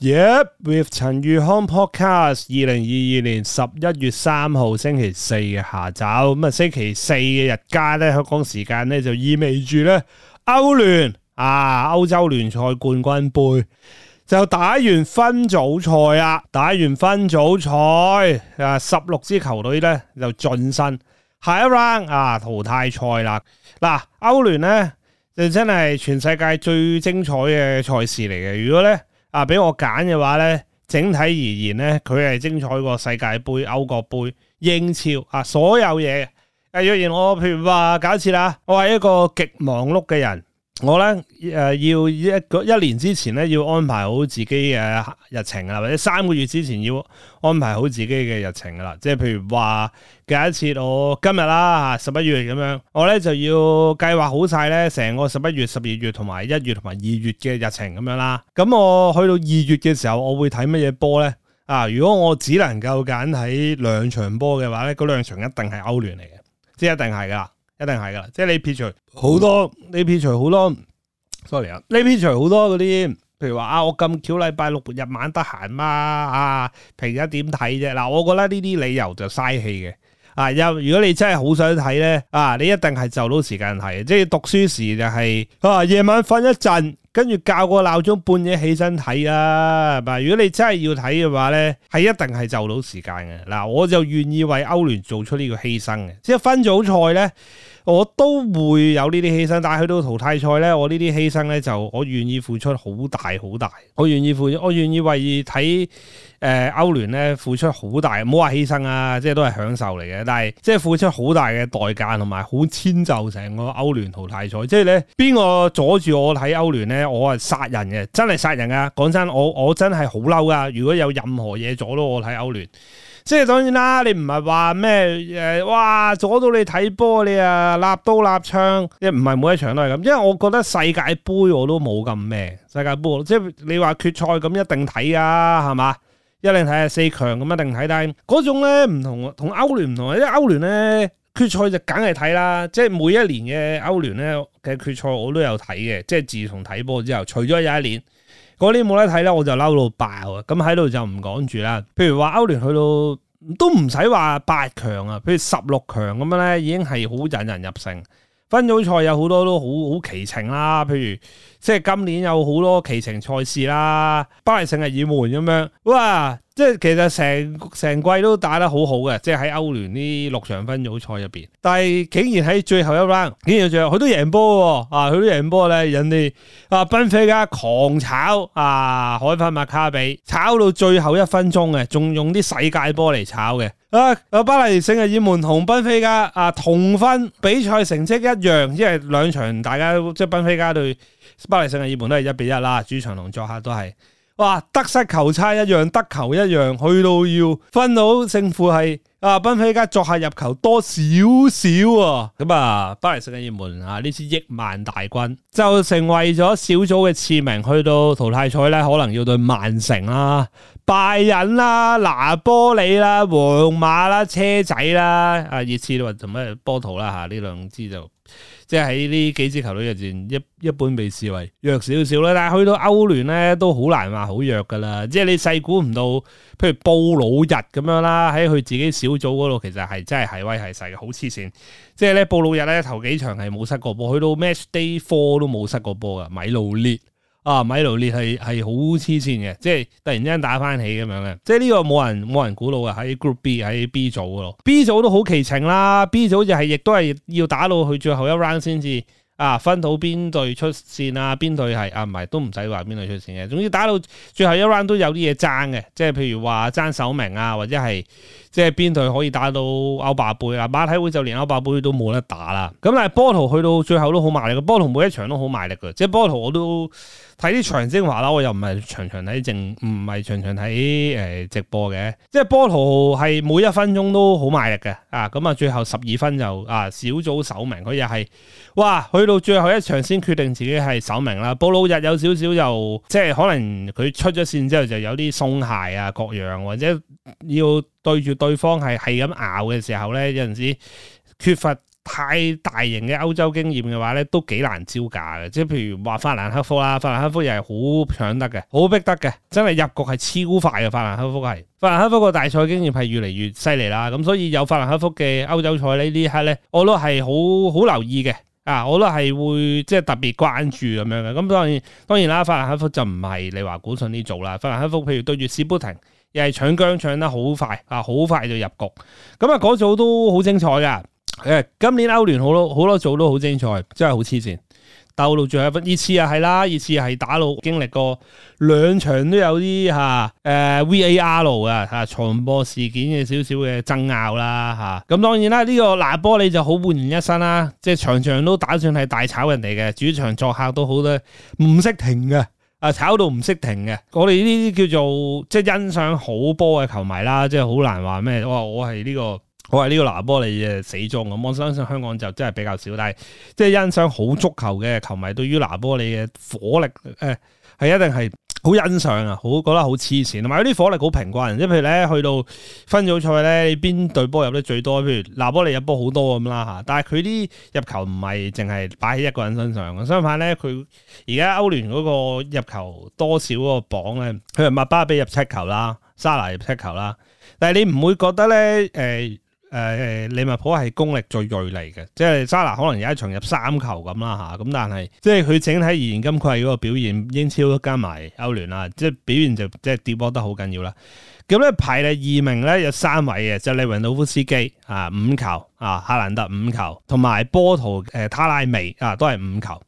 Yep，with 陳宇康 podcast，二零二二年十一月三號星期四嘅下晝，咁啊星期四嘅日間咧，香港時間咧就意味住咧歐聯啊，歐洲聯賽冠軍盃就打完分組賽啦，打完分組賽，誒十六支球隊咧就晉身下一 round 啊淘汰賽啦。嗱、啊，歐聯咧就真係全世界最精彩嘅賽事嚟嘅，如果咧。啊！俾我揀嘅話咧，整體而言咧，佢係精彩過世界盃、歐國盃、英超啊，所有嘢。啊，若然我譬如話，假設啦，我係一個極忙碌嘅人。我咧誒，要一個一年之前咧，要安排好自己嘅日程啦，或者三個月之前要安排好自己嘅日程噶啦。即係譬如話，假設我今日啦，十一月咁樣，我咧就要計劃好晒咧成個十一月、十二月同埋一月同埋二月嘅日程咁樣啦。咁我去到二月嘅時候，我會睇乜嘢波咧？啊，如果我只能夠揀睇兩場波嘅話咧，嗰兩場一定係歐聯嚟嘅，即係一定係噶啦。一定係噶，即係你撇除好多，你撇除好多 ，sorry 啊，你撇除好多嗰啲，譬如話啊，我咁巧禮拜六日晚得閒啊，平日點睇啫？嗱，我覺得呢啲理由就嘥氣嘅。啊，又如果你真係好想睇咧，啊，你一定係就到時間睇，即係讀書時就係、是、啊，夜晚瞓一陣。跟住校個鬧鐘半夜起身睇啊。嗱，如果你真係要睇嘅話呢，係一定係就到時間嘅。嗱，我就願意為歐聯做出呢個犧牲嘅。即係分組賽呢，我都會有呢啲犧牲，但係去到淘汰賽呢，我呢啲犧牲呢，就我願意付出好大好大，我願意付出，我願意為意睇誒、呃、歐聯咧付出好大，唔好話犧牲啊，即係都係享受嚟嘅，但係即係付出好大嘅代價同埋好遷就成個歐聯淘汰賽，即係咧邊個阻住我睇歐聯呢？我係殺人嘅，真係殺人啊！講真，我我真係好嬲噶，如果有任何嘢阻到我睇歐聯。即係當然啦，你唔係話咩誒？哇、呃，阻到你睇波你啊，立刀立槍，唔係每一場都係咁。因為我覺得世界杯我都冇咁咩，世界杯即係你話決賽咁一定睇啊，係嘛？一定睇啊，四強咁一定睇。但係嗰種咧唔同，歐聯同歐聯唔同啊。因為歐聯咧決賽就梗係睇啦，即係每一年嘅歐聯咧嘅決賽我都有睇嘅。即係自從睇波之後，除咗有一年。嗰啲冇得睇咧，我就嬲到爆啊！咁喺度就唔講住啦。譬如話歐聯去到都唔使話八強啊，譬如十六強咁樣咧，已經係好引人入勝。分組賽有好多都好好奇情啦，譬如即係今年有好多奇情賽事啦，巴黎聖日耳門咁樣，哇！即係其實成成季都打得好好嘅，即係喺歐聯呢六場分組賽入邊，但係竟然喺最後一 round，竟然最後佢都贏波，啊佢都贏波咧，人哋啊，賓菲加狂炒啊，海法馬卡比炒到最後一分鐘嘅，仲用啲世界波嚟炒嘅，啊，巴黎聖日爾門同賓菲加啊同分，比賽成績一樣，因為兩場大家即係賓菲加對巴黎聖日爾門都係一比一啦，主場同作客都係。哇！得失球差一樣，得球一樣，去到要分到勝負係啊！賓菲加作客入球多少少啊！咁、嗯、啊，巴黎聖嘅熱門啊，呢次億萬大軍就成為咗小組嘅次名，去到淘汰賽咧，可能要對曼城啦、啊、拜仁啦、啊、拿波里啦、啊、皇馬啦、啊、車仔啦啊！熱刺你話做咩波圖啦吓，呢兩支就。啊即係喺呢幾支球隊入邊，一一般被視為弱少少啦。但係去到歐聯呢，都好難話好弱噶啦。即係你細估唔到，譬如布魯日咁樣啦，喺佢自己小組嗰度，其實係真係係威係勢嘅，好黐線。即係呢，布魯日呢頭幾場係冇失過波，去到 Match Day Four 都冇失過波噶，米路列。啊，米盧列係係好黐線嘅，即係突然之間打翻起咁樣嘅，即係呢個冇人冇人估到嘅。喺 Group B，喺 B 組嘅咯，B 組都好奇情啦。B 組就係亦都係要打到去最後一 round 先至啊，分到邊隊出線啊，邊隊係啊，唔係都唔使話邊隊出線嘅。總之打到最後一 round 都有啲嘢爭嘅，即係譬如話爭首名啊，或者係即係邊隊可以打到歐霸杯啊，馬體會就連歐霸杯都冇得打啦。咁但係波圖去到最後都好賣力嘅，波圖每一場都好賣力嘅，即係波圖我都睇啲長精華啦，我又唔係長長睇正，唔係長長睇誒直播嘅，即係波圖係每一分鐘都好賣力嘅，啊，咁啊，最後十二分就啊小組首名，佢又係哇，去到最後一場先決定自己係首名啦。布魯日有少少又即係可能佢出咗線之後就有啲鬆懈啊各樣，或者要對住對方係係咁咬嘅時候咧，有陣時缺乏太大型嘅歐洲經驗嘅話咧，都幾難招架嘅。即係譬如話法蘭克福啦，法蘭克福又係好搶得嘅，好逼得嘅，真係入局係超快嘅。法蘭克福係法蘭克福個大賽經驗係越嚟越犀利啦。咁所以有法蘭克福嘅歐洲賽呢啲黑咧，我都係好好留意嘅。啊，我都係會即係、就是、特別關注咁樣嘅。咁當然當然啦，法蘭克福就唔係你話估順呢組啦。法蘭克福譬如對住士砵亭，又係搶薑搶得好快啊，好快就入局。咁啊，嗰組都好精彩噶～誒，今年歐聯好多好多組都好精彩，真係好黐線，鬥仲有一分。二次又係啦，二次係打到經歷過兩場都有啲吓，誒、啊、V A R 啊吓重播事件嘅少少嘅爭拗啦吓。咁、啊嗯、當然啦，呢、這個拿波你就好煥然一新啦，即係場場都打算係大炒人哋嘅，主場作客都好咧，唔識停嘅，啊炒到唔識停嘅。我哋呢啲叫做即係欣賞好波嘅球迷啦，即係好難話咩，我我係呢個。我係呢個拿波利嘅死忠咁，我相信香港就真係比較少，但係即係欣賞好足球嘅球迷對於拿波利嘅火力，誒、哎、係一定係好欣賞啊，好覺得好黐線。同埋有啲火力好平均，即係譬如咧去到分組賽咧，邊隊波入得最多？譬如拿波利入波好多咁啦嚇，但係佢啲入球唔係淨係擺喺一個人身上嘅，相反咧，佢而家歐聯嗰個入球多少嗰個榜咧，佢係麥巴比入七球啦，沙拿入七球啦，但係你唔會覺得咧，誒、呃？誒誒、呃，利物浦係功力最銳利嘅，即係沙拿可能有一場入三球咁啦吓，咁但係即係佢整體而言今季嗰個表現，英超都加埋歐聯啦，即係表現就即係跌波得好緊要啦。咁咧排咧二名咧有三位嘅，就係利雲度夫斯基啊五球啊，哈蘭特五球，同埋波圖誒、呃、塔拉米啊都係五球。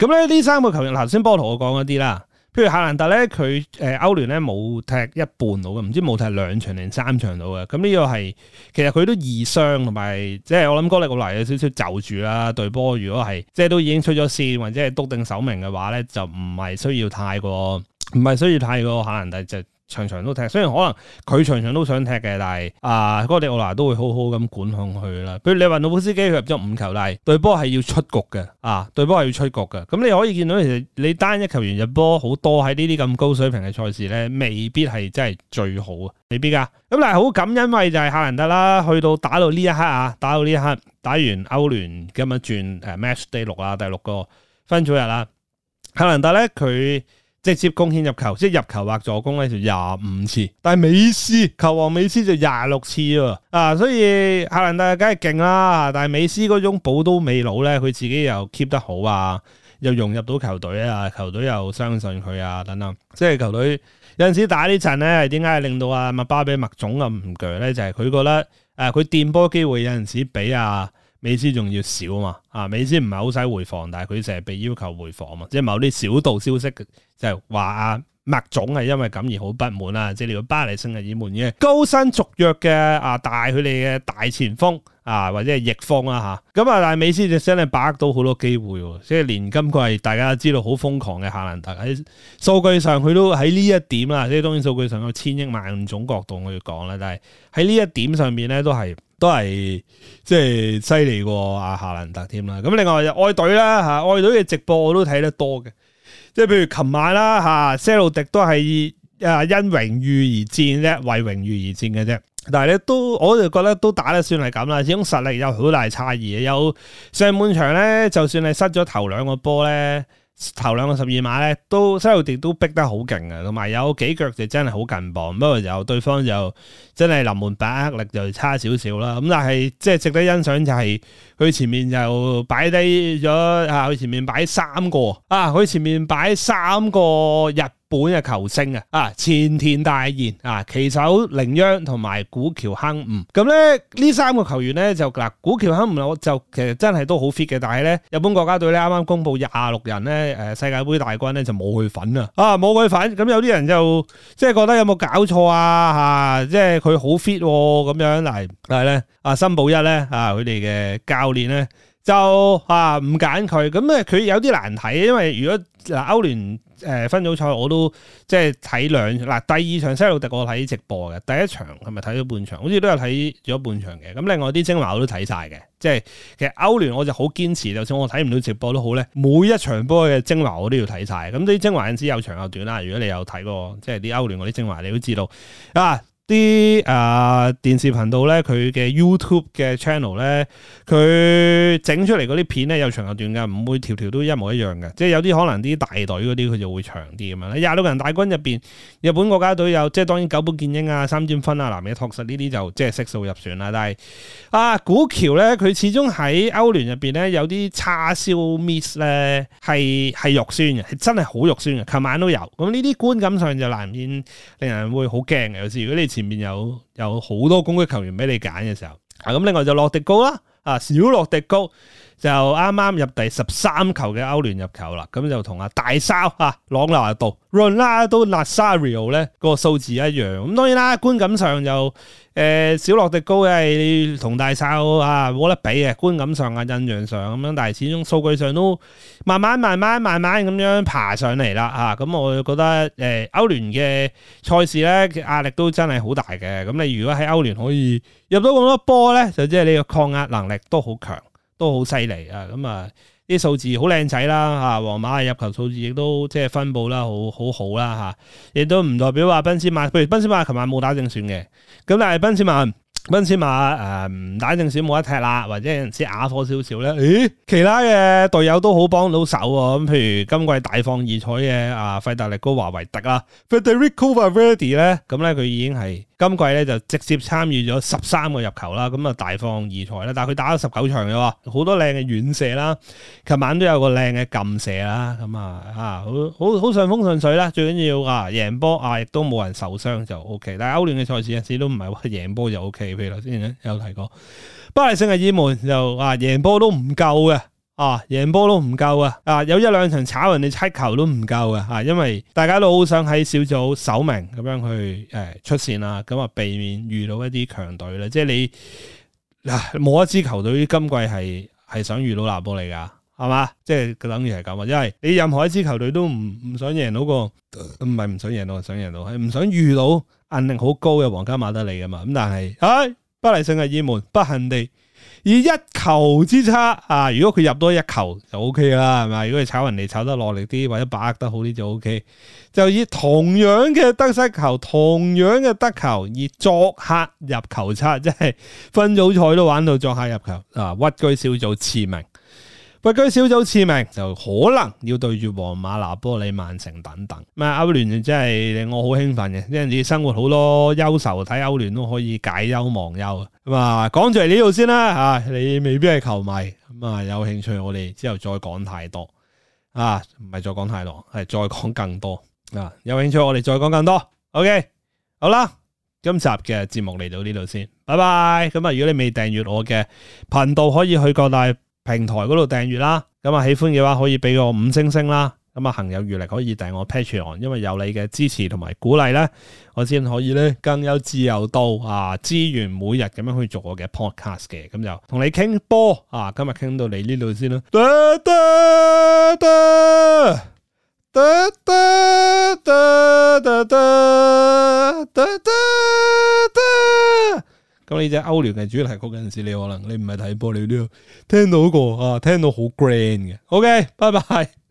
咁咧呢三個球員頭先、啊、波圖我講嗰啲啦。譬如夏蘭特咧，佢誒、呃、歐聯咧冇踢一半到嘅，唔知冇踢兩場定三場到嘅。咁、嗯、呢、這個係其實佢都易傷同埋，即係我諗哥列古嚟有少少就住啦、啊。對波如果係即係都已經出咗線或者係篤定首名嘅話咧，就唔係需要太過，唔係需要太過夏蘭特就。場場都踢，雖然可能佢場場都想踢嘅，但係啊，哥迪奧拿都會好好咁管控佢啦。譬如你話老夫斯基佢入咗五球，但係對波係要出局嘅，啊，對波係要出局嘅。咁、嗯、你可以見到其實你單一球員入波好多喺呢啲咁高水平嘅賽事咧，未必係真係最好嘅，未必噶、啊。咁但係好感恩，因為就係夏蘭特啦，去到打到呢一刻啊，打到呢一刻，打完歐聯今日轉誒 match day 六啊，第六個分組日啦，夏蘭特咧佢。直接貢獻入球，即係入球或助攻咧就廿五次，但係美斯球王美斯就廿六次啊，所以克蘭達梗係勁啦，但係美斯嗰種寶刀未老咧，佢自己又 keep 得好啊，又融入到球隊啊，球隊又相信佢啊，等等，即係球隊有陣時打呢層咧，係點解令到啊麥巴比麥總咁唔攰咧？就係佢覺得誒，佢掂波機會有陣時比啊美斯仲要少啊，啊，美斯唔係好使回防，但係佢成日被要求回防嘛，即係某啲小道消息。就話啊，麥總係因為咁而好不滿啦，即係令巴黎聖日耳門嘅高薪續約嘅啊大佢哋嘅大前鋒啊，或者係翼鋒啦嚇。咁啊，但係美斯就真係把握到好多機會，即係連今季大家都知道好瘋狂嘅夏蘭特喺數據上，佢都喺呢一點啊。即係當然數據上有千億萬種角度我要講啦，但係喺呢一點上面咧，都係都係即係犀利過阿夏蘭特添啦。咁另外就愛隊啦嚇、啊，愛隊嘅直播我都睇得多嘅。即係譬如琴晚啦嚇，西路迪都係啊因榮譽而戰啫，為榮譽而戰嘅啫。但係咧都，我就覺得都打得算係咁啦。始終實力有好大差異，有上半場咧，就算係失咗頭兩個波咧。頭兩個十二碼咧，都些路迪都逼得好勁啊，同埋有，有幾腳就真係好近磅，不過就對方就真係臨門把握力就差少少啦。咁但係即係值得欣賞就係、是、佢前面就擺低咗啊，佢前面擺三個啊，佢前面擺三個日本嘅球星啊，啊前田大然啊，旗手憐央同埋古橋亨梧，咁咧呢三個球員咧就嗱、啊、古橋亨梧我就其實真係都好 fit 嘅，但係咧日本國家隊咧啱啱公布廿六人咧誒、啊、世界盃大軍咧就冇佢份啊，啊冇佢份，咁有啲人就即係覺得有冇搞錯啊嚇？即係佢好 fit 咁樣嚟，但係咧阿森保一咧啊佢哋嘅教練咧。就啊唔揀佢，咁咧佢有啲難睇，因為如果嗱歐聯誒、呃、分組賽我都即係睇兩嗱、啊、第二場些路迪，我睇直播嘅，第一場係咪睇咗半場？好似都有睇咗半場嘅。咁另外啲精華我都睇晒嘅，即係其實歐聯我就好堅持，就算我睇唔到直播都好咧，每一場波嘅精華我都要睇晒。咁啲精華你知有長有短啦，如果你有睇過即係啲歐聯嗰啲精華，你都知道啊。啲啊電視頻道咧，佢嘅 YouTube 嘅 channel 咧，佢整出嚟嗰啲片咧，有長有短噶，唔會條條都一模一樣嘅。即係有啲可能啲大隊嗰啲佢就會長啲咁樣啦。廿六人大軍入邊，日本國家隊有即係當然久保建英啊、三笘薰啊、南野拓實呢啲就即係悉數入選啦。但係啊古橋咧，佢始終喺歐聯入邊咧有啲叉燒 miss 咧係係肉酸嘅，真係好肉酸嘅。琴晚都有咁呢啲觀感上就難免令人會好驚嘅。有時如果你前面有有好多攻擊球員俾你揀嘅時候，的啊，咁另外就洛迪高啦，啊，小洛迪高。就啱啱入第十三球嘅歐聯入球啦，咁就同阿大哨嚇、啊、朗拿度 Ronaldo Nazario 咧個數字一樣。咁當然啦，觀感上就，誒、呃、小洛迪高係同大哨嚇冇得比嘅觀感上啊印象上咁樣，但係始終數據上都慢慢慢慢慢慢咁樣爬上嚟啦嚇。咁、啊、我就覺得誒歐聯嘅賽事咧壓力都真係好大嘅。咁你如果喺歐聯可以入到咁多波咧，就即係你個抗壓能力都好強。都好犀利啊！咁啊，啲數字好靚仔啦，吓，皇馬啊入球數字亦都即係分布啦，好好好啦吓，亦、啊、都唔代表話賓斯馬，譬如賓斯馬琴晚冇打正選嘅，咁但係賓斯馬賓斯馬誒唔、嗯、打正選冇得踢啦，或者有陣時啞火少少咧，誒其他嘅隊友都好幫到手啊！咁譬如今季大放異彩嘅阿費達力高華維迪啦，Federico Vardy 咧，咁咧佢已經係。今季咧就直接參與咗十三個入球啦，咁啊大放異彩啦！但係佢打咗十九場嘅話，啊啊，好多靚嘅遠射啦，琴晚都有個靚嘅禁射啦，咁啊啊好好好順風順水啦！最緊要啊贏波啊，亦都冇人受傷就 O K。但係歐聯嘅賽事始終都唔係話贏波就 O K，譬如頭先有提過，巴黎聖日耳門就啊贏波都唔夠嘅。啊！贏波都唔夠啊！啊，有一兩場炒人哋七球都唔夠啊。吓，因為大家都好想喺小組首名咁樣去誒、呃、出線啊，咁啊避免遇到一啲強隊啦、啊。即係你嗱，冇、啊、一支球隊今季係係想遇到拿波嚟噶，係嘛？即係佢等於係咁，因為你任何一支球隊都唔唔想贏到個，唔係唔想贏到，想贏到係唔想遇到壓力好高嘅皇家馬德里噶嘛。咁但係唉、啊，巴黎聖日耳門不幸地。以一球之差啊！如果佢入多一球就 OK 啦，係咪？如果佢炒人哋炒得落力啲，或者把握得好啲就 OK。就以同樣嘅得失球、同樣嘅得球而作客入球差，即係分組賽都玩到作客入球啊！屈居小組次名。不居小組次名，就可能要對住皇馬、拿波利、曼城等等。咩歐聯真係令我好興奮嘅，因為你生活好多憂愁，睇歐聯都可以解憂忘憂。咁啊，講住嚟呢度先啦吓，啊，你未必係球迷，咁啊有興趣，我哋之後再講太多啊，唔係再講太多，係再講更多啊。有興趣我，啊啊，興趣我哋再講更多。OK，好啦，今集嘅節目嚟到呢度先，拜拜。咁啊，如果你未訂閱我嘅頻道，可以去各大。平台嗰度訂閱啦，咁啊喜歡嘅話可以俾個五星星啦，咁啊行有餘力可以訂我 Patreon，因為有你嘅支持同埋鼓勵咧，我先可以咧更有自由度啊，資源每日咁樣去做我嘅 podcast 嘅，咁就同你傾波啊，今日傾到你呢度先啦。咁呢隻歐聯嘅主題曲嗰陣時，你可能你唔係睇波，你都聽到過、嗰個、啊，聽到好 grand 嘅。OK，拜拜。